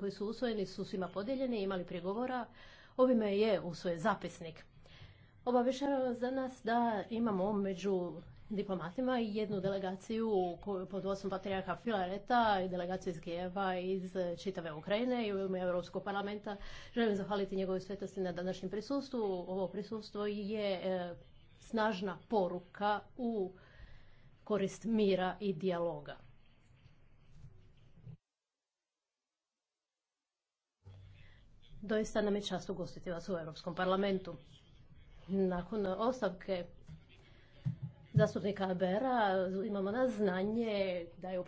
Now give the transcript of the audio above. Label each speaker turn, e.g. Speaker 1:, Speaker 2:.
Speaker 1: koji su usvojeni su svima podijeljeni, i imali prigovora. Ovime je usvojen zapisnik. Obavješavam za nas da imamo među diplomatima i jednu delegaciju pod vodstvom patrijarha Filareta i delegaciju iz Kijeva iz čitave Ukrajine i u ime Europskog parlamenta. Želim zahvaliti njegovoj svetosti na današnjem prisustvu. Ovo prisustvo je e, snažna poruka u korist mira i dijaloga. Doista nam je čast ugostiti vas u Europskom parlamentu. Nakon ostavke zastupnika Bera imamo
Speaker 2: na znanje da je upravo